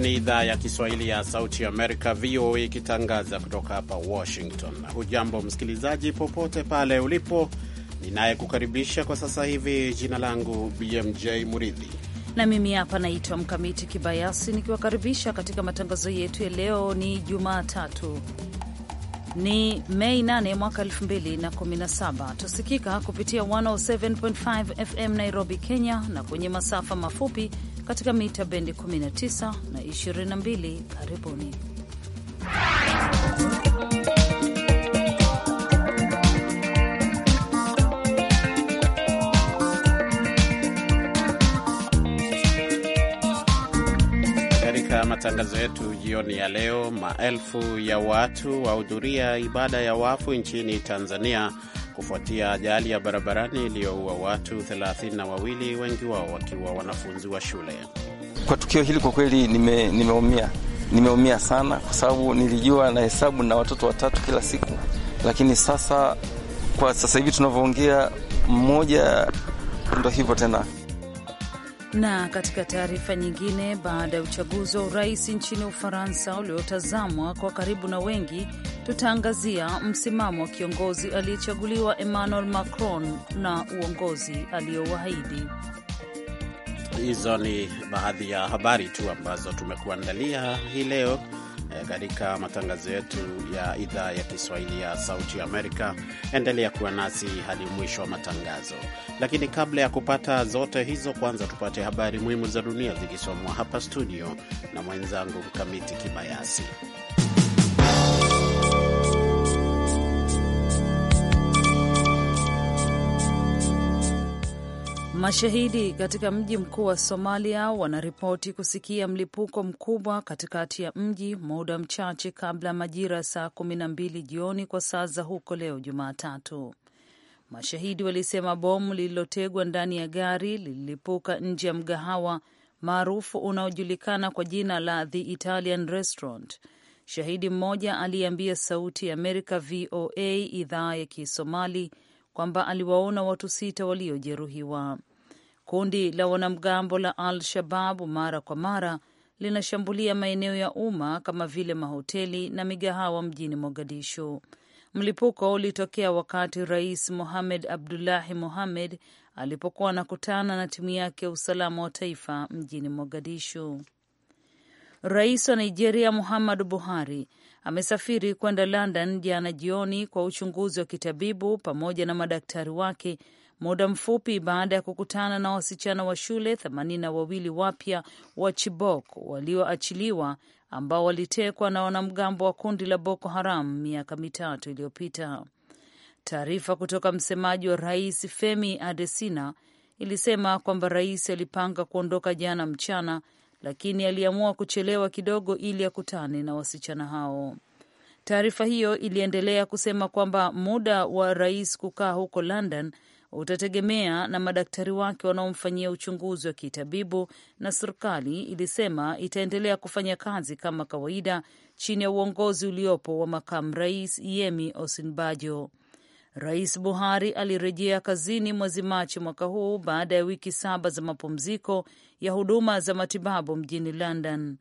ni idhaa ya Kiswahili ya Sauti Amerika, VOA, ikitangaza kutoka hapa Washington. Hujambo msikilizaji, popote pale ulipo. Ninayekukaribisha kwa sasa hivi, jina langu BMJ Muridhi, na mimi hapa naitwa Mkamiti Kibayasi, nikiwakaribisha katika matangazo yetu ya leo. Ni Jumatatu, ni Mei 8 mwaka 2017. Tusikika kupitia 107.5 FM Nairobi, Kenya, na kwenye masafa mafupi katika mita bendi 19 na 22. Karibuni. Katika matangazo yetu jioni ya leo, maelfu ya watu wahudhuria ibada ya wafu nchini Tanzania kufuatia ajali ya barabarani iliyoua watu 32 wengi wao wakiwa wanafunzi wa shule. Kwa tukio hili kwa kweli nime, nimeumia nimeumia sana kwa sababu nilijua na hesabu na watoto watatu kila siku, lakini sasa kwa sasa hivi tunavyoongea mmoja, ndo hivyo tena. Na katika taarifa nyingine, baada ya uchaguzi wa urais nchini Ufaransa uliotazamwa kwa karibu na wengi, tutaangazia msimamo wa kiongozi aliyechaguliwa Emmanuel Macron na uongozi aliyowahidi. Hizo ni baadhi ya habari tu ambazo tumekuandalia hii leo Eh, katika matangazo yetu ya idhaa ya Kiswahili ya Sauti Amerika. Endelea kuwa nasi hadi mwisho wa matangazo, lakini kabla ya kupata zote hizo, kwanza tupate habari muhimu za dunia zikisomwa hapa studio na mwenzangu Mkamiti Kibayasi. Mashahidi katika mji mkuu wa Somalia wanaripoti kusikia mlipuko mkubwa katikati ya mji muda mchache kabla majira ya saa kumi na mbili jioni kwa saa za huko leo Jumatatu. Mashahidi walisema bomu lililotegwa ndani ya gari lililipuka nje ya mgahawa maarufu unaojulikana kwa jina la The Italian Restaurant. Shahidi mmoja aliyeambia Sauti ya Amerika VOA idhaa ya Kisomali kwamba aliwaona watu sita waliojeruhiwa. Kundi la wanamgambo la Al Shababu mara kwa mara linashambulia maeneo ya umma kama vile mahoteli na migahawa mjini Mogadishu. Mlipuko ulitokea wakati Rais Mohamed Abdullahi Mohamed alipokuwa anakutana na timu yake ya usalama wa taifa mjini Mogadishu. Rais wa Nigeria Muhammadu Buhari amesafiri kwenda London jana jioni kwa uchunguzi wa kitabibu pamoja na madaktari wake muda mfupi baada ya kukutana na wasichana wa shule themanini na wawili wapya wa Chibok walioachiliwa ambao walitekwa na wanamgambo wa kundi la Boko Haram miaka mitatu iliyopita. Taarifa kutoka msemaji wa rais Femi Adesina ilisema kwamba rais alipanga kuondoka jana mchana, lakini aliamua kuchelewa kidogo ili akutane na wasichana hao. Taarifa hiyo iliendelea kusema kwamba muda wa rais kukaa huko London utategemea na madaktari wake wanaomfanyia uchunguzi wa kitabibu, na serikali ilisema itaendelea kufanya kazi kama kawaida chini ya uongozi uliopo wa makamu rais Yemi Osinbajo. Rais Buhari alirejea kazini mwezi Machi mwaka huu baada ya wiki saba za mapumziko ya huduma za matibabu mjini London.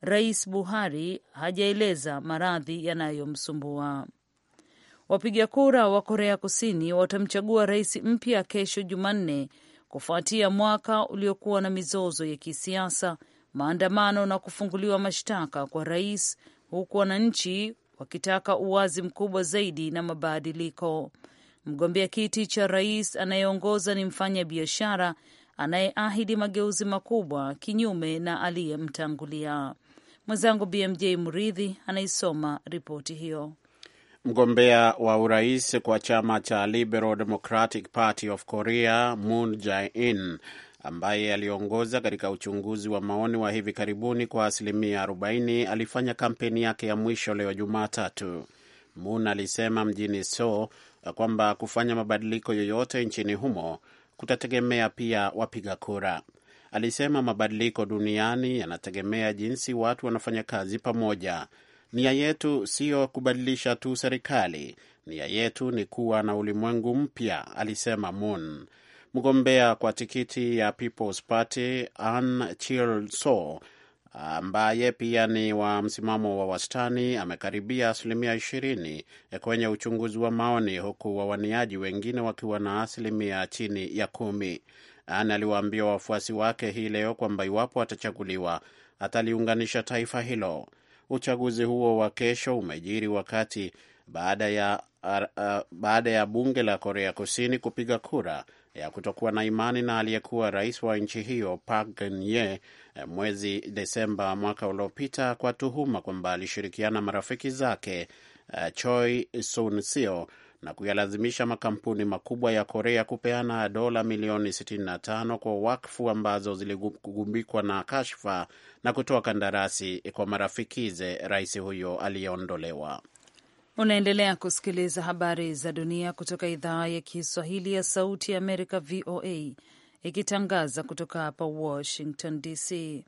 Rais Buhari hajaeleza maradhi yanayomsumbua. Wapiga kura wa Korea Kusini watamchagua rais mpya kesho Jumanne kufuatia mwaka uliokuwa na mizozo ya kisiasa, maandamano na kufunguliwa mashtaka kwa rais, huku wananchi wakitaka uwazi mkubwa zaidi na mabadiliko. Mgombea kiti cha rais anayeongoza ni mfanya biashara anayeahidi mageuzi makubwa, kinyume na aliyemtangulia. Mwenzangu BMJ Muridhi anaisoma ripoti hiyo. Mgombea wa urais kwa chama cha Liberal Democratic Party of Korea Moon Jae-in ambaye aliongoza katika uchunguzi wa maoni wa hivi karibuni kwa asilimia 40 alifanya kampeni yake ya mwisho leo Jumatatu. Moon alisema mjini Seoul kwamba kufanya mabadiliko yoyote nchini humo kutategemea pia wapiga kura. Alisema mabadiliko duniani yanategemea jinsi watu wanafanya kazi pamoja. Nia yetu siyo kubadilisha tu serikali, nia yetu ni kuwa na ulimwengu mpya, alisema Moon. Mgombea kwa tikiti ya People's Party Ahn cheol ambaye pia ni wa msimamo wa wastani amekaribia asilimia ishirini kwenye uchunguzi wa maoni, huku wawaniaji wengine wakiwa na asilimia chini ya kumi. Ana aliwaambia wafuasi wake hii leo kwamba iwapo atachaguliwa ataliunganisha taifa hilo. Uchaguzi huo wa kesho umejiri wakati baada ya, uh, baada ya bunge la Korea Kusini kupiga kura ya kutokuwa na imani na aliyekuwa rais wa nchi hiyo Park Geun-hye eh, mwezi Desemba mwaka uliopita kwa tuhuma kwamba alishirikiana marafiki zake uh, Choi Soon-sil na kuyalazimisha makampuni makubwa ya Korea kupeana dola milioni 65 kwa wakfu ambazo ziligubikwa na kashfa na kutoa kandarasi kwa marafikize rais huyo aliyeondolewa. Unaendelea kusikiliza habari za dunia kutoka idhaa ya Kiswahili ya Sauti ya Amerika, VOA, ikitangaza kutoka hapa Washington DC.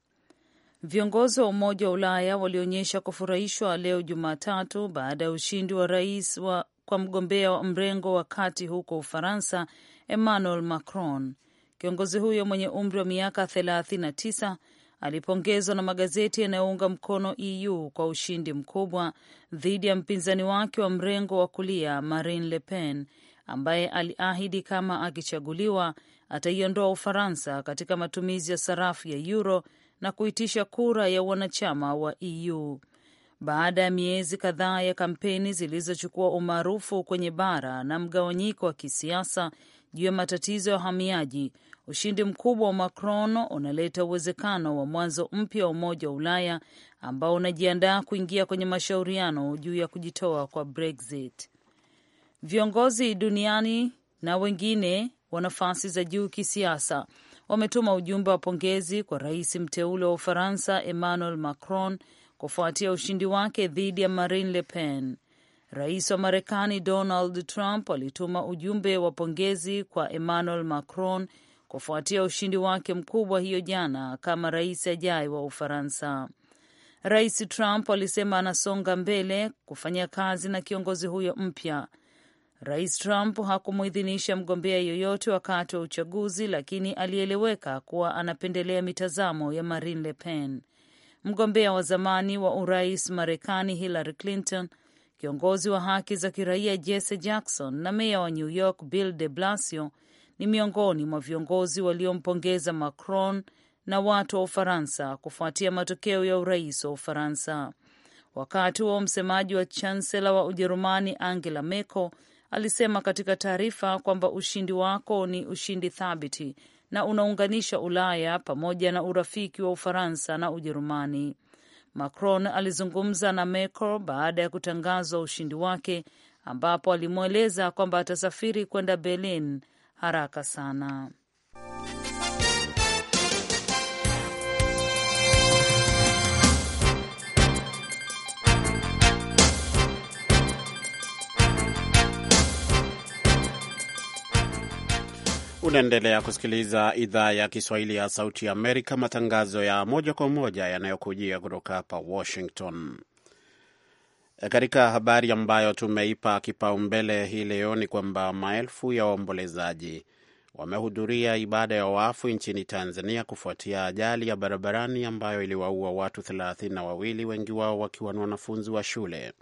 Viongozi wa Umoja wa Ulaya walionyesha kufurahishwa leo Jumatatu baada ya ushindi wa rais wa kwa mgombea wa mrengo wa kati huko Ufaransa, Emmanuel Macron. Kiongozi huyo mwenye umri wa miaka 39 alipongezwa na magazeti yanayounga mkono EU kwa ushindi mkubwa dhidi ya mpinzani wake wa mrengo wa kulia Marine Le Pen ambaye aliahidi kama akichaguliwa ataiondoa Ufaransa katika matumizi ya sarafu ya euro na kuitisha kura ya wanachama wa EU baada ya miezi kadhaa ya kampeni zilizochukua umaarufu kwenye bara na mgawanyiko wa kisiasa juu ya matatizo ya wahamiaji. Ushindi mkubwa wa Macron unaleta uwezekano wa mwanzo mpya wa Umoja wa Ulaya ambao unajiandaa kuingia kwenye mashauriano juu ya kujitoa kwa Brexit. Viongozi duniani na wengine wa nafasi za juu kisiasa wametuma ujumbe wa pongezi kwa rais mteule wa Ufaransa Emmanuel Macron kufuatia ushindi wake dhidi ya Marine Le Pen. Rais wa Marekani Donald Trump alituma ujumbe wa pongezi kwa Emmanuel Macron kufuatia ushindi wake mkubwa hiyo jana kama rais ajaye wa Ufaransa. Rais Trump alisema anasonga mbele kufanya kazi na kiongozi huyo mpya. Rais Trump hakumwidhinisha mgombea yoyote wakati wa uchaguzi, lakini alieleweka kuwa anapendelea mitazamo ya Marine Le Pen mgombea wa zamani wa urais Marekani Hillary Clinton, kiongozi wa haki za kiraia Jesse Jackson na meya wa New York Bill de Blasio ni miongoni mwa viongozi waliompongeza Macron na watu wa Ufaransa kufuatia matokeo ya urais wa Ufaransa. Wakati huo msemaji wa chansela wa Ujerumani Angela Merkel alisema katika taarifa kwamba ushindi wako ni ushindi thabiti na unaunganisha Ulaya pamoja na urafiki wa Ufaransa na Ujerumani. Macron alizungumza na Merkel baada ya kutangazwa ushindi wake, ambapo alimweleza kwamba atasafiri kwenda Berlin haraka sana. Unaendelea kusikiliza idhaa ya Kiswahili ya Sauti ya Amerika, matangazo ya moja kwa moja yanayokujia kutoka hapa Washington. Katika habari ambayo tumeipa kipaumbele hii leo ni kwamba maelfu ya waombolezaji wamehudhuria ibada ya wafu nchini Tanzania kufuatia ajali ya barabarani ambayo iliwaua watu thelathini na wawili, wengi wao wakiwa ni wanafunzi wa shule.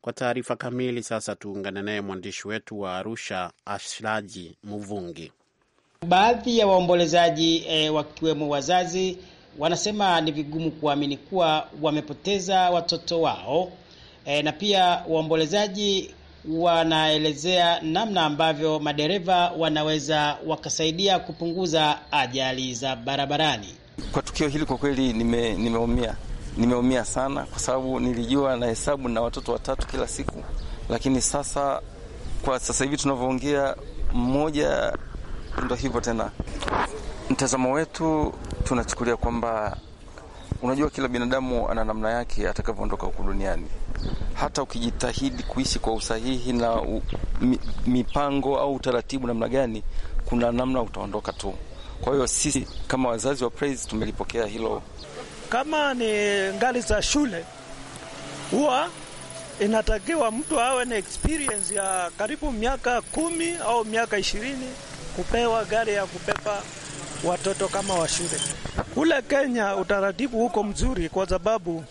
Kwa taarifa kamili sasa tuungane naye mwandishi wetu wa Arusha, Ashlaji Muvungi. Baadhi ya waombolezaji e, wakiwemo wazazi wanasema ni vigumu kuamini kuwa wamepoteza watoto wao e, na pia waombolezaji wanaelezea namna ambavyo madereva wanaweza wakasaidia kupunguza ajali za barabarani. Kwa tukio hili kwa kweli nime, nimeumia nimeumia sana, kwa sababu nilijua na hesabu na watoto watatu kila siku, lakini sasa kwa sasa hivi tunavyoongea mmoja Ndo hivyo tena, mtazamo wetu tunachukulia kwamba unajua, kila binadamu ana namna yake atakavyoondoka huku duniani. Hata ukijitahidi kuishi kwa usahihi na u, mi, mipango au utaratibu namna gani, kuna namna utaondoka tu. Kwa hiyo sisi kama wazazi wa Praise tumelipokea hilo. Kama ni ngali za shule, huwa inatakiwa mtu awe na experience ya karibu miaka kumi au miaka ishirini kupewa gari ya kubeba watoto kama wa shule. Kule Kenya utaratibu huko mzuri, kwa sababu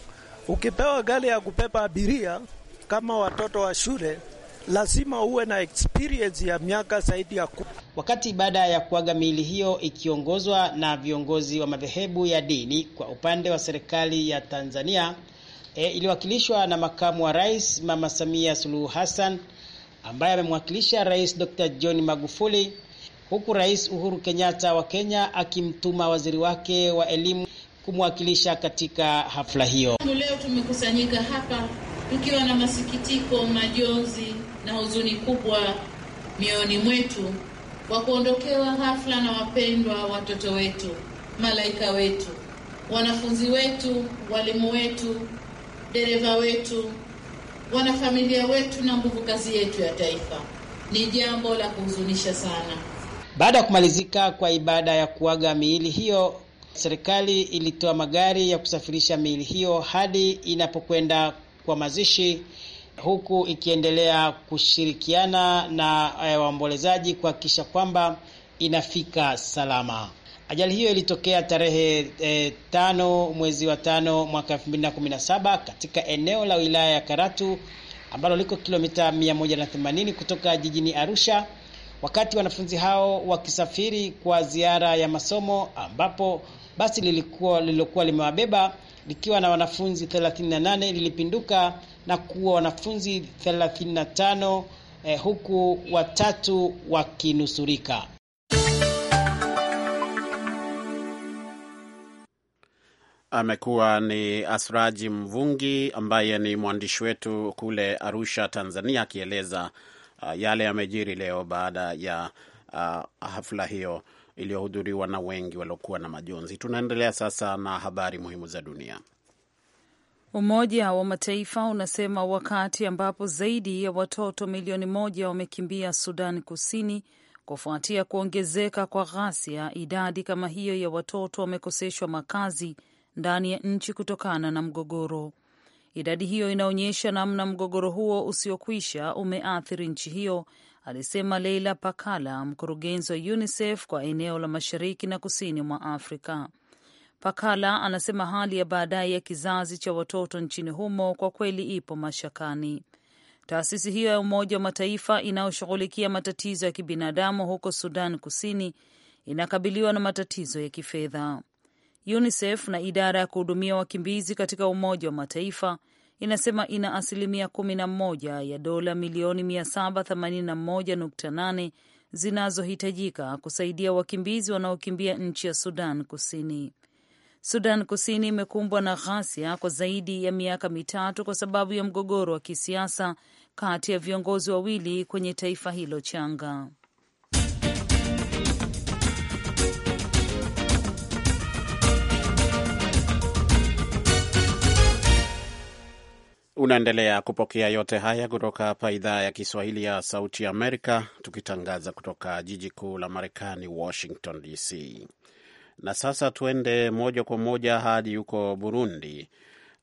ukipewa gari ya kubeba abiria kama watoto wa shule lazima uwe na experience ya miaka zaidi ya ku. Wakati baada ya kuaga miili hiyo ikiongozwa na viongozi wa madhehebu ya dini, kwa upande wa serikali ya Tanzania e, iliwakilishwa na makamu wa rais Mama Samia Suluhu Hassan ambaye amemwakilisha Rais Dr. John Magufuli huku Rais Uhuru Kenyatta wa Kenya akimtuma waziri wake wa elimu kumwakilisha katika hafla hiyo. Leo tumekusanyika hapa tukiwa na masikitiko, majonzi na huzuni kubwa mioyoni mwetu kwa kuondokewa ghafla na wapendwa watoto wetu, malaika wetu, wanafunzi wetu, walimu wetu, dereva wetu, wanafamilia wetu na nguvu kazi yetu ya taifa. Ni jambo la kuhuzunisha sana. Baada ya kumalizika kwa ibada ya kuaga miili hiyo, serikali ilitoa magari ya kusafirisha miili hiyo hadi inapokwenda kwa mazishi, huku ikiendelea kushirikiana na eh, waombolezaji kuhakikisha kwamba inafika salama. Ajali hiyo ilitokea tarehe e, tano mwezi wa tano mwaka saba katika eneo la wilaya ya Karatu ambalo liko kilomita 180 kutoka jijini Arusha wakati wanafunzi hao wakisafiri kwa ziara ya masomo, ambapo basi lilikuwa lililokuwa limewabeba likiwa na wanafunzi 38 lilipinduka na kuwa wanafunzi 35 eh, huku watatu wakinusurika. Amekuwa ni Asraji Mvungi ambaye ni mwandishi wetu kule Arusha, Tanzania, akieleza Uh, yale yamejiri leo baada ya uh, hafla hiyo iliyohudhuriwa na wengi waliokuwa na majonzi. Tunaendelea sasa na habari muhimu za dunia. Umoja wa Mataifa unasema wakati ambapo zaidi ya watoto milioni moja wamekimbia Sudan Kusini kufuatia kuongezeka kwa ghasia, idadi kama hiyo ya watoto wamekoseshwa makazi ndani ya nchi kutokana na mgogoro. Idadi hiyo inaonyesha namna mgogoro huo usiokwisha umeathiri nchi hiyo, alisema Leila Pakala, mkurugenzi wa UNICEF kwa eneo la mashariki na kusini mwa Afrika. Pakala anasema hali ya baadaye ya kizazi cha watoto nchini humo kwa kweli ipo mashakani. Taasisi hiyo ya Umoja wa Mataifa inayoshughulikia matatizo ya kibinadamu huko Sudan Kusini inakabiliwa na matatizo ya kifedha. UNICEF na idara ya kuhudumia wakimbizi katika Umoja wa Mataifa inasema ina asilimia 11 ya dola milioni 781.8 zinazohitajika kusaidia wakimbizi wanaokimbia nchi ya Sudan Kusini. Sudan Kusini imekumbwa na ghasia kwa zaidi ya miaka mitatu kwa sababu ya mgogoro wa kisiasa kati ya viongozi wawili kwenye taifa hilo changa. Unaendelea kupokea yote haya kutoka hapa idhaa ya Kiswahili ya Sauti Amerika, tukitangaza kutoka jiji kuu la Marekani, Washington DC. Na sasa tuende moja kwa moja hadi huko Burundi,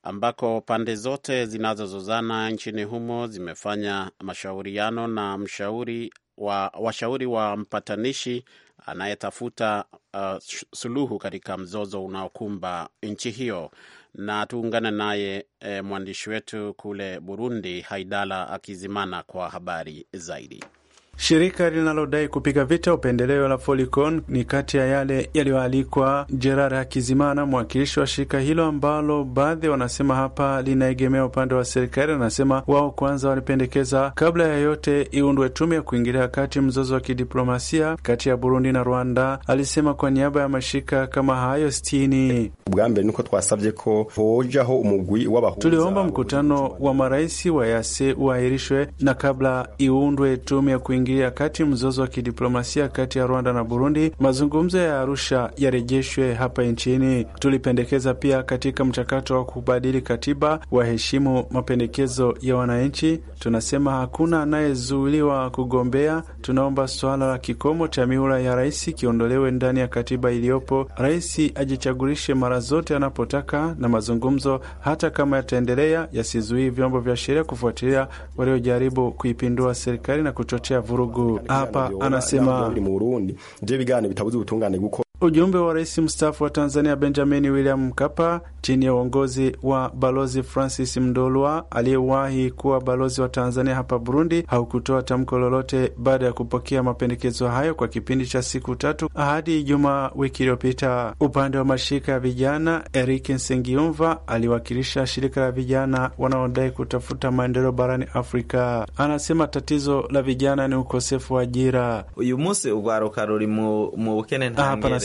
ambako pande zote zinazozozana nchini humo zimefanya mashauriano na mshauri wa, washauri wa mpatanishi anayetafuta uh, suluhu katika mzozo unaokumba nchi hiyo na tuungane naye e, mwandishi wetu kule Burundi Haidala Akizimana kwa habari zaidi. Shirika linalodai kupiga vita upendeleo la Folicon ni kati ya yale yaliyoalikwa. Gerard Hakizimana, mwakilishi wa shirika hilo ambalo baadhi wanasema hapa linaegemea upande wa serikali, anasema wao kwanza walipendekeza kabla ya yote iundwe tume ya kuingilia kati mzozo wa kidiplomasia kati ya Burundi na Rwanda. Alisema kwa niaba ya mashirika kama hayo sitini, tuliomba mkutano wa marais wa yase uahirishwe na kabla iundwe tume ya kuingilia kuingilia kati mzozo wa kidiplomasia kati ya Rwanda na Burundi, mazungumzo ya Arusha yarejeshwe hapa nchini. Tulipendekeza pia katika mchakato wa kubadili katiba waheshimu mapendekezo ya wananchi. Tunasema hakuna anayezuiliwa kugombea. Tunaomba suala la kikomo cha mihula ya rais kiondolewe ndani ya katiba iliyopo. Rais ajichagulishe mara zote anapotaka, na mazungumzo hata kama yataendelea, yasizuii vyombo vya sheria kufuatilia waliojaribu kuipindua serikali na kuchochea vurugu. Morogo hapa anasema, Ujumbe wa rais mstaafu wa Tanzania Benjamin William Mkapa chini ya uongozi wa balozi Francis Mdolwa aliyewahi kuwa balozi wa Tanzania hapa Burundi haukutoa tamko lolote baada ya kupokea mapendekezo hayo kwa kipindi cha siku tatu hadi Ijumaa wiki iliyopita. Upande wa mashirika ya vijana, Eric Nsengiumva aliwakilisha shirika la vijana wanaodai kutafuta maendeleo barani Afrika. Anasema tatizo la vijana ni ukosefu wa ajira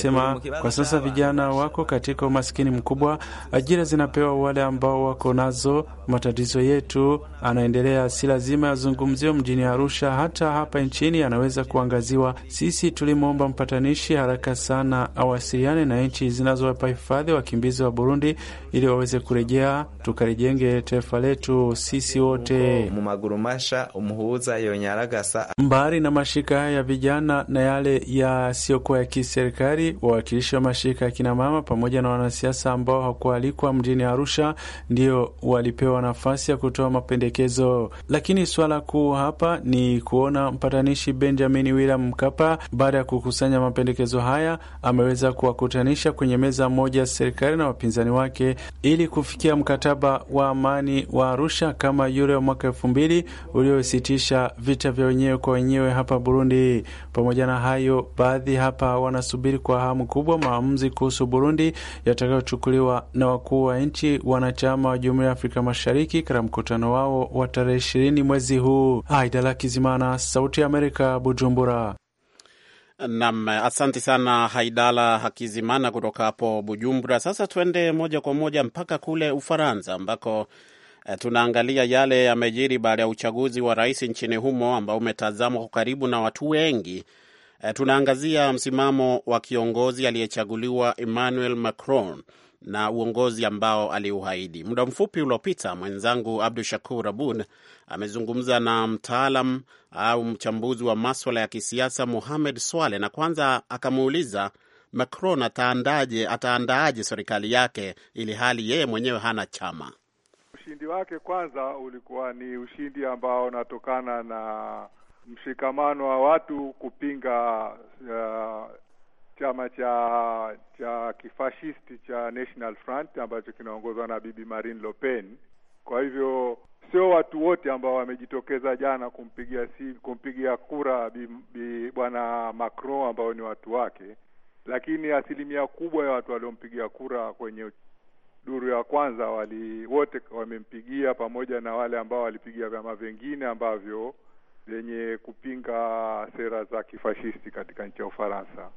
anasema kwa sasa vijana wako katika umaskini mkubwa, ajira zinapewa wale ambao wako nazo. Matatizo yetu, anaendelea, si lazima yazungumziwe mjini Arusha, hata hapa nchini yanaweza kuangaziwa. Sisi tulimwomba mpatanishi haraka sana awasiliane na nchi zinazowapa hifadhi wakimbizi wa Burundi ili waweze kurejea, tukalijenge taifa letu sisi wote. Mbali na mashirika haya ya vijana na yale yasiyokuwa ya kiserikali wawakilishi wa mashirika ya kinamama pamoja na wanasiasa ambao hawakualikwa mjini Arusha ndio walipewa nafasi ya kutoa mapendekezo, lakini suala kuu hapa ni kuona mpatanishi Benjamin William Mkapa, baada ya kukusanya mapendekezo haya, ameweza kuwakutanisha kwenye meza moja serikali na wapinzani wake ili kufikia mkataba wa amani wa Arusha kama yule wa mwaka elfu mbili uliositisha vita vya wenyewe kwa wenyewe hapa Burundi. Pamoja na hayo, baadhi hapa wanasubiri kwa ufahamu kubwa maamuzi kuhusu Burundi yatakayochukuliwa na wakuu wa nchi wanachama wa Jumuiya ya Afrika Mashariki katika mkutano wao wa tarehe ishirini mwezi huu. Aidala Kizimana, Sauti ya Amerika, Bujumbura. Nam, asante sana Haidala Hakizimana kutoka hapo Bujumbura. Sasa tuende moja kwa moja mpaka kule Ufaransa ambako eh, tunaangalia yale yamejiri baada ya uchaguzi wa rais nchini humo ambao umetazamwa kwa karibu na watu wengi Eh, tunaangazia msimamo wa kiongozi aliyechaguliwa Emmanuel Macron na uongozi ambao aliuhaidi. Muda mfupi uliopita, mwenzangu Abdu Shakur Abud amezungumza na mtaalam au mchambuzi wa maswala ya kisiasa muhamed Swale, na kwanza akamuuliza Macron ataandaje, ataandaaje serikali yake ili hali yeye mwenyewe hana chama. Ushindi wake kwanza ulikuwa ni ushindi ambao unatokana na mshikamano wa watu kupinga uh, chama cha cha kifashisti cha National Front ambacho kinaongozwa na Bibi Marine Le Pen. Kwa hivyo sio watu wote ambao wamejitokeza jana kumpigia si, kumpigia kura bwana Macron ambao ni watu wake, lakini asilimia kubwa ya watu waliompigia kura kwenye duru ya kwanza wali wote wamempigia, pamoja na wale ambao walipigia vyama vingine ambavyo zenye kupinga sera za kifashisti katika nchi ya Ufaransa.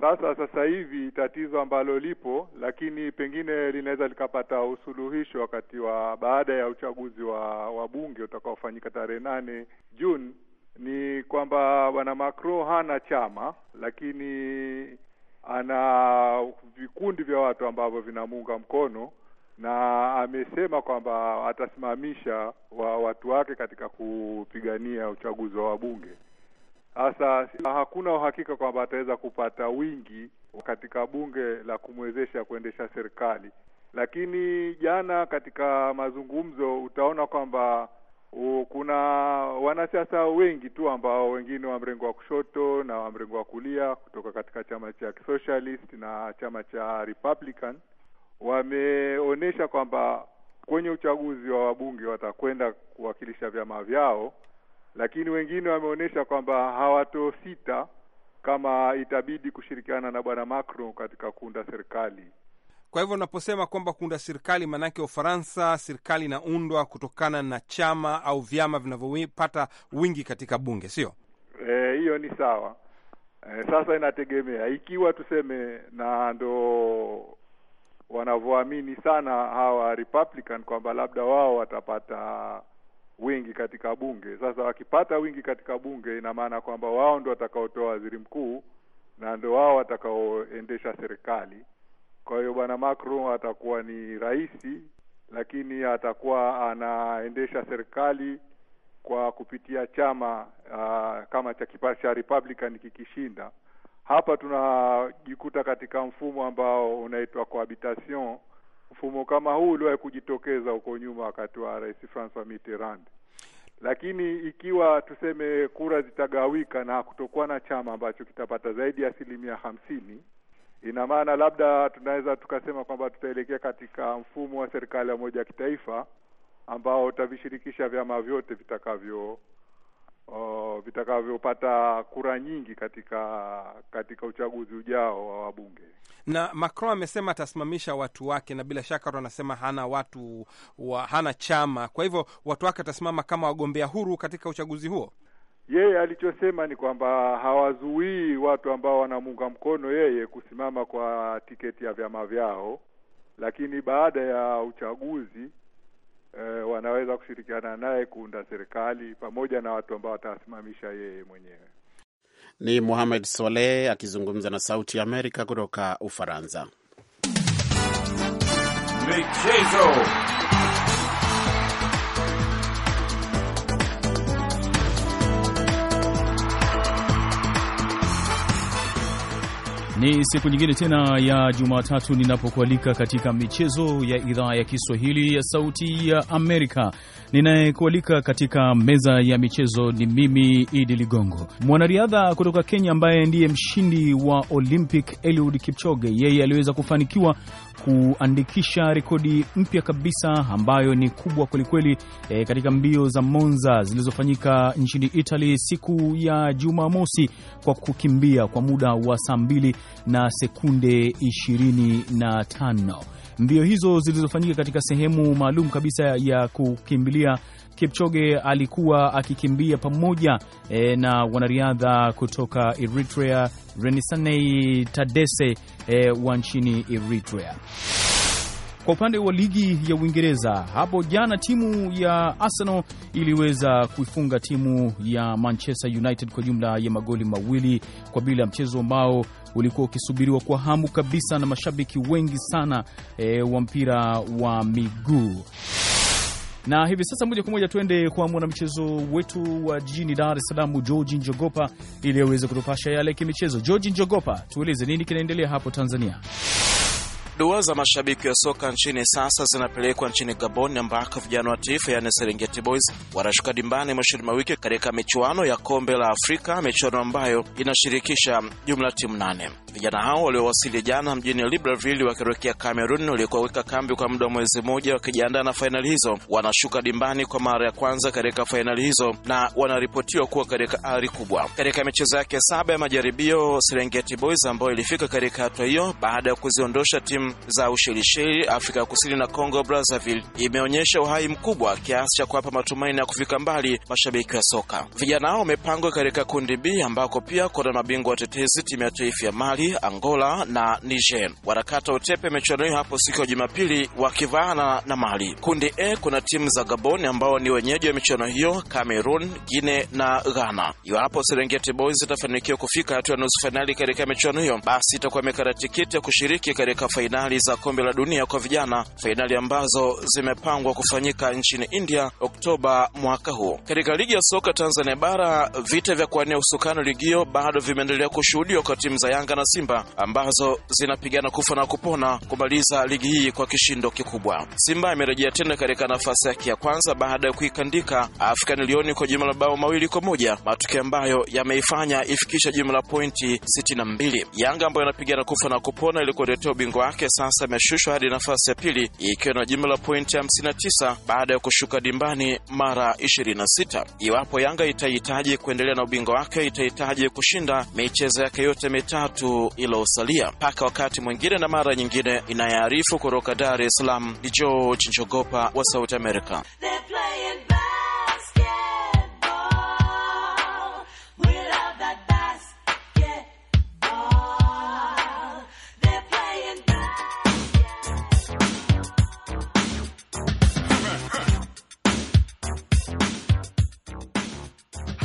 Sasa sasa hivi tatizo ambalo lipo, lakini pengine linaweza likapata usuluhisho wakati wa baada ya uchaguzi wa wabunge bunge utakaofanyika tarehe nane Juni ni kwamba bwana Macron hana chama, lakini ana vikundi vya watu ambavyo vinamuunga mkono na amesema kwamba atasimamisha wa watu wake katika kupigania uchaguzi wa wabunge. Sasa hakuna uhakika kwamba ataweza kupata wingi katika bunge la kumwezesha kuendesha serikali, lakini jana katika mazungumzo utaona kwamba kuna wanasiasa wengi tu ambao wengine wa mrengo wa kushoto na wa mrengo wa kulia kutoka katika chama cha Socialist na chama cha Republican wameonyesha kwamba kwenye uchaguzi wa wabunge watakwenda kuwakilisha vyama vyao, lakini wengine wameonyesha kwamba hawatosita kama itabidi kushirikiana na bwana Macron katika kuunda serikali. Kwa hivyo unaposema kwamba kuunda serikali, maanake Ufaransa serikali inaundwa kutokana na chama au vyama vinavyopata wingi katika bunge, sio e, hiyo? E, ni sawa. E, sasa inategemea ikiwa tuseme, na ndo wanavyoamini sana hawa Republican kwamba labda wao watapata wingi katika bunge. Sasa wakipata wingi katika bunge, ina maana kwamba wao ndio watakaotoa waziri mkuu na ndio wao watakaoendesha serikali. Kwa hiyo bwana Macron atakuwa ni rais, lakini atakuwa anaendesha serikali kwa kupitia chama uh, ah, kama cha Republican kikishinda hapa tunajikuta katika mfumo ambao unaitwa cohabitation. Mfumo kama huu uliwahi kujitokeza huko nyuma wakati wa Rais Francois Mitterrand, lakini ikiwa tuseme kura zitagawika na kutokuwa na chama ambacho kitapata zaidi ya asilimia hamsini, ina maana labda tunaweza tukasema kwamba tutaelekea katika mfumo wa serikali ya umoja ya kitaifa ambao utavishirikisha vyama vyote vitakavyo Oh, vitakavyopata kura nyingi katika katika uchaguzi ujao wa wabunge. Na Macron amesema atasimamisha watu wake, na bila shaka watu wanasema hana watu wa, hana chama, kwa hivyo watu wake watasimama kama wagombea huru katika uchaguzi huo. Yeye alichosema ni kwamba hawazuii watu ambao wanamuunga mkono yeye kusimama kwa tiketi ya vyama vyao, lakini baada ya uchaguzi eh, wanaweza kushirikiana naye kuunda serikali pamoja na watu ambao watasimamisha yeye mwenyewe. Ni muhamed Soleh akizungumza na Sauti ya Amerika kutoka Ufaransa. Michezo. Ni siku nyingine tena ya Jumatatu ninapokualika katika michezo ya idhaa ya Kiswahili ya Sauti ya Amerika. Ninayekualika katika meza ya michezo ni mimi Idi Ligongo. Mwanariadha kutoka Kenya ambaye ndiye mshindi wa Olympic Eliud Kipchoge, yeye aliweza kufanikiwa kuandikisha rekodi mpya kabisa ambayo ni kubwa kwelikweli e, katika mbio za Monza zilizofanyika nchini Italy siku ya Jumamosi kwa kukimbia kwa muda wa saa 2 na sekunde 25. Mbio hizo zilizofanyika katika sehemu maalum kabisa ya kukimbilia Kipchoge alikuwa akikimbia pamoja e, na wanariadha kutoka Eritrea renisane tadese e, wa nchini Eritrea. Kwa upande wa ligi ya Uingereza, hapo jana timu ya Arsenal iliweza kuifunga timu ya Manchester United kwa jumla ya magoli mawili kwa bila, mchezo ambao ulikuwa ukisubiriwa kwa hamu kabisa na mashabiki wengi sana e, wa mpira wa miguu. Na hivi sasa moja kwa moja tuende kwa mwanamchezo wetu wa jijini Dar es Salaam, George Njogopa, ili aweze kutupasha yale kimichezo. George Njogopa, tueleze nini kinaendelea hapo Tanzania? Dua za mashabiki wa soka nchini sasa zinapelekwa nchini Gabon ambako vijana wa taifa yani Serengeti Boys wanashuka dimbani mwishoni mwa wiki katika michuano ya kombe la Afrika, michuano ambayo inashirikisha jumla timu nane. Vijana hao waliowasili jana mjini Libreville wakitokea Cameroon weka kambi kwa muda wa mwezi mmoja wakijiandaa na fainali hizo, wanashuka dimbani kwa mara ya kwanza katika fainali hizo na wanaripotiwa kuwa katika ari kubwa. Katika michezo yake saba ya majaribio, Serengeti Boys ambayo ilifika katika hatua hiyo baada ya kuziondosha timu za Ushelisheli, Afrika Kusini na Congo Brazzaville imeonyesha uhai mkubwa kiasi cha kuwapa matumaini ya kufika mbali mashabiki wa soka. Vijana hao wamepangwa katika kundi B ambako pia kuna mabingwa watetezi timu ya taifa ya Mali, Angola na Niger. wanakata utepe michuano hiyo hapo siku ya Jumapili wakivaana na Mali. Kundi A e, kuna timu za Gabon ambao ni wenyeji wa michuano hiyo, Cameroon, guine na Ghana. Iwapo Serengeti Boys itafanikiwa kufika hatua ya nusu fainali katika michuano hiyo, basi itakuwa imekata tiketi ya kushiriki katika fainali fainali za kombe la dunia kwa vijana, fainali ambazo zimepangwa kufanyika nchini India Oktoba mwaka huu. Katika ligi ya soka Tanzania Bara, vita vya kuwania usukani ligi hiyo bado vimeendelea kushuhudiwa kwa timu za Yanga na Simba ambazo zinapigana kufa na kupona kumaliza ligi hii kwa kishindo kikubwa. Simba imerejea tena katika nafasi yake ya kwanza baada ya kuikandika African Lioni kwa jumla mabao mawili kwa moja, matokeo ambayo yameifanya ifikisha jumla pointi 62. Yanga ambayo inapigana kufa na kupona ili kutetea ubingwa wake sasa imeshushwa hadi nafasi ya pili ikiwa na jumla pointi 59 baada ya kushuka dimbani mara 26. Iwapo Yanga itahitaji kuendelea na ubingwa wake, itahitaji kushinda michezo yake yote mitatu iliyosalia. Mpaka wakati mwingine na mara nyingine, inayoarifu kutoka Dar es Salaam ni George Njogopa wa Sauti america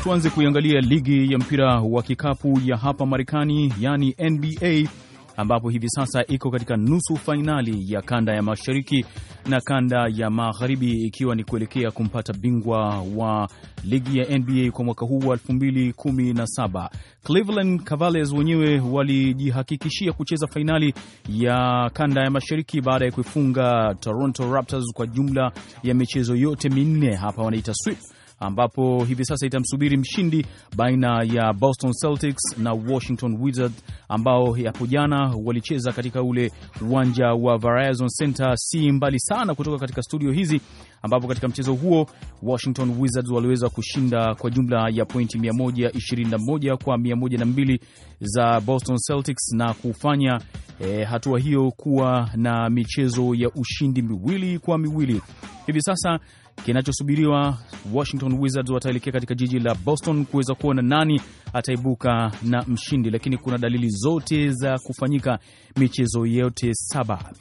Tuanze kuiangalia ligi ya mpira wa kikapu ya hapa Marekani, yani NBA, ambapo hivi sasa iko katika nusu fainali ya kanda ya mashariki na kanda ya magharibi, ikiwa ni kuelekea kumpata bingwa wa ligi ya NBA kwa mwaka huu wa 2017. Cleveland Cavaliers wenyewe walijihakikishia kucheza fainali ya kanda ya mashariki baada ya kuifunga Toronto Raptors kwa jumla ya michezo yote minne. Hapa wanaita sweep ambapo hivi sasa itamsubiri mshindi baina ya Boston Celtics na Washington Wizards ambao hapo jana walicheza katika ule uwanja wa Verizon Center, si mbali sana kutoka katika studio hizi, ambapo katika mchezo huo Washington Wizards waliweza kushinda kwa jumla ya pointi 121 kwa 102 za Boston Celtics na kufanya E, hatua hiyo kuwa na michezo ya ushindi miwili kwa miwili. Hivi sasa kinachosubiriwa Washington Wizards wataelekea katika jiji la Boston kuweza kuona nani ataibuka na mshindi, lakini kuna dalili zote za kufanyika michezo yote saba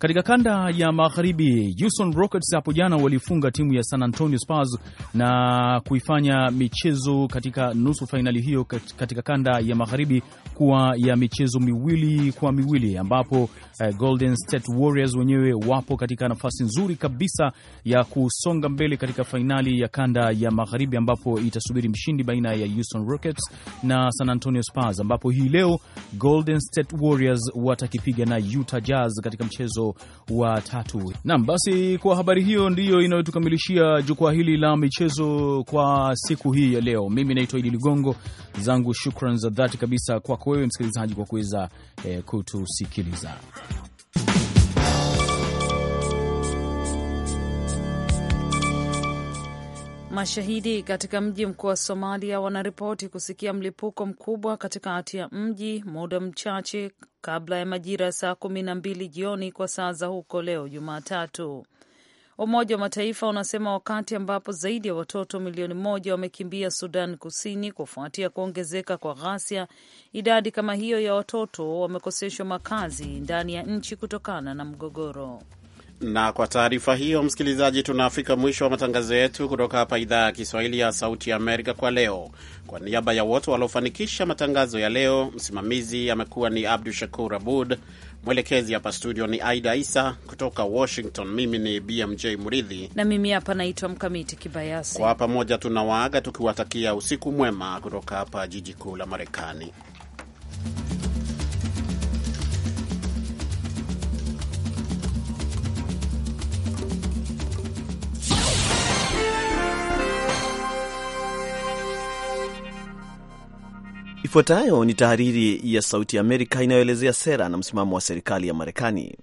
katika kanda ya magharibi, Houston Rockets hapo jana walifunga timu ya San Antonio Spurs na kuifanya michezo katika nusu fainali hiyo katika kanda ya magharibi kuwa ya michezo miwili kwa miwili, ambapo uh, Golden State Warriors wenyewe wapo katika nafasi nzuri kabisa ya kusonga mbele katika fainali ya kanda ya magharibi, ambapo itasubiri mshindi baina ya Houston Rockets na San Antonio Spurs, ambapo hii leo Golden State Warriors watakipiga na Utah Jazz katika mchezo wa tatu. Naam, basi kwa habari hiyo ndiyo inayotukamilishia jukwaa hili la michezo kwa siku hii ya leo. Mimi naitwa Idi Ligongo, zangu shukran za dhati kabisa kwako wewe msikilizaji kwa kuweza eh, kutusikiliza. Mashahidi katika mji mkuu wa Somalia wanaripoti kusikia mlipuko mkubwa katikati ya mji muda mchache kabla ya majira ya saa kumi na mbili jioni kwa saa za huko leo Jumatatu. Umoja wa Mataifa unasema wakati ambapo zaidi ya watoto milioni moja wamekimbia Sudan Kusini kufuatia kuongezeka kwa ghasia, idadi kama hiyo ya watoto wamekoseshwa makazi ndani ya nchi kutokana na mgogoro. Na kwa taarifa hiyo, msikilizaji, tunafika mwisho wa matangazo yetu kutoka hapa idhaa ya Kiswahili ya Sauti ya Amerika kwa leo. Kwa niaba ya wote waliofanikisha matangazo ya leo, msimamizi amekuwa ni Abdu Shakur Abud, mwelekezi hapa studio ni Aida Isa kutoka Washington. Mimi ni BMJ Muridhi na mimi hapa naitwa Mkamiti Kibayasi. Kwa pamoja tunawaaga tukiwatakia usiku mwema kutoka hapa jiji kuu la Marekani. Ifuatayo ni tahariri ya Sauti ya Amerika inayoelezea sera na msimamo wa serikali ya Marekani.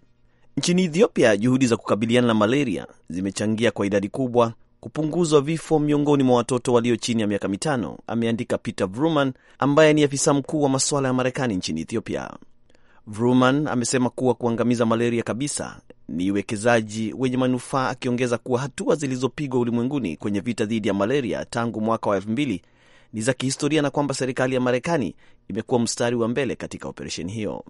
Nchini Ethiopia, juhudi za kukabiliana na malaria zimechangia kwa idadi kubwa kupunguzwa vifo miongoni mwa watoto walio chini ya miaka mitano, ameandika Peter vruman ambaye ni afisa mkuu wa masuala ya Marekani nchini Ethiopia. Vruman amesema kuwa kuangamiza malaria kabisa ni uwekezaji wenye manufaa, akiongeza kuwa hatua zilizopigwa ulimwenguni kwenye vita dhidi ya malaria tangu mwaka wa elfu mbili ni za kihistoria na kwamba serikali ya Marekani imekuwa mstari wa mbele katika operesheni hiyo.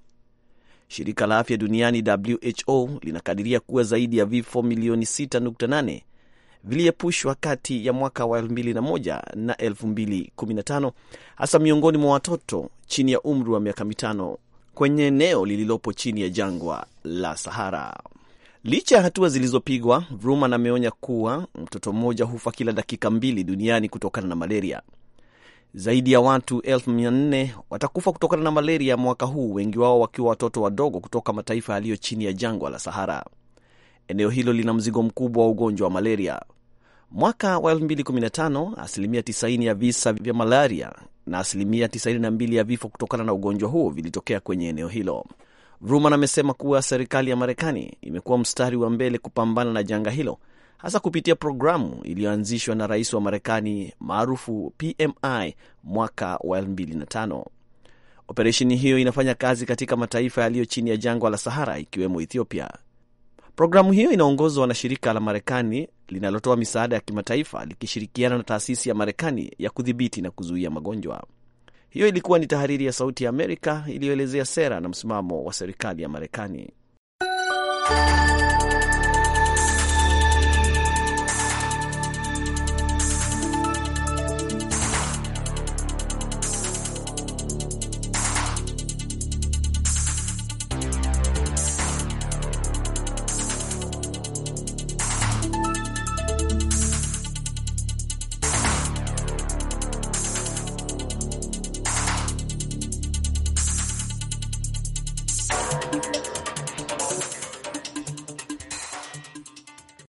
Shirika la afya duniani WHO linakadiria kuwa zaidi ya vifo milioni 6.8 viliepushwa kati ya mwaka wa 2001 na 2015, hasa miongoni mwa watoto chini ya umri wa miaka mitano kwenye eneo lililopo chini ya jangwa la Sahara. Licha ya hatua zilizopigwa, Vrooman ameonya kuwa mtoto mmoja hufa kila dakika mbili duniani kutokana na malaria. Zaidi ya watu elfu mia nne watakufa kutokana na malaria mwaka huu, wengi wao wakiwa watoto wadogo kutoka mataifa yaliyo chini ya jangwa la Sahara. Eneo hilo lina mzigo mkubwa wa ugonjwa wa malaria. Mwaka wa 2015 asilimia 90 ya visa vya malaria na asilimia 92 ya vifo kutokana na ugonjwa huo vilitokea kwenye eneo hilo. Vrooman amesema kuwa serikali ya Marekani imekuwa mstari wa mbele kupambana na janga hilo hasa kupitia programu iliyoanzishwa na rais wa Marekani maarufu PMI mwaka wa 2005. Operesheni hiyo inafanya kazi katika mataifa yaliyo chini ya jangwa la Sahara ikiwemo Ethiopia. Programu hiyo inaongozwa na shirika la Marekani linalotoa misaada ya kimataifa likishirikiana na taasisi ya Marekani ya kudhibiti na kuzuia magonjwa. Hiyo ilikuwa ni tahariri ya Sauti ya Amerika iliyoelezea sera na msimamo wa serikali ya Marekani.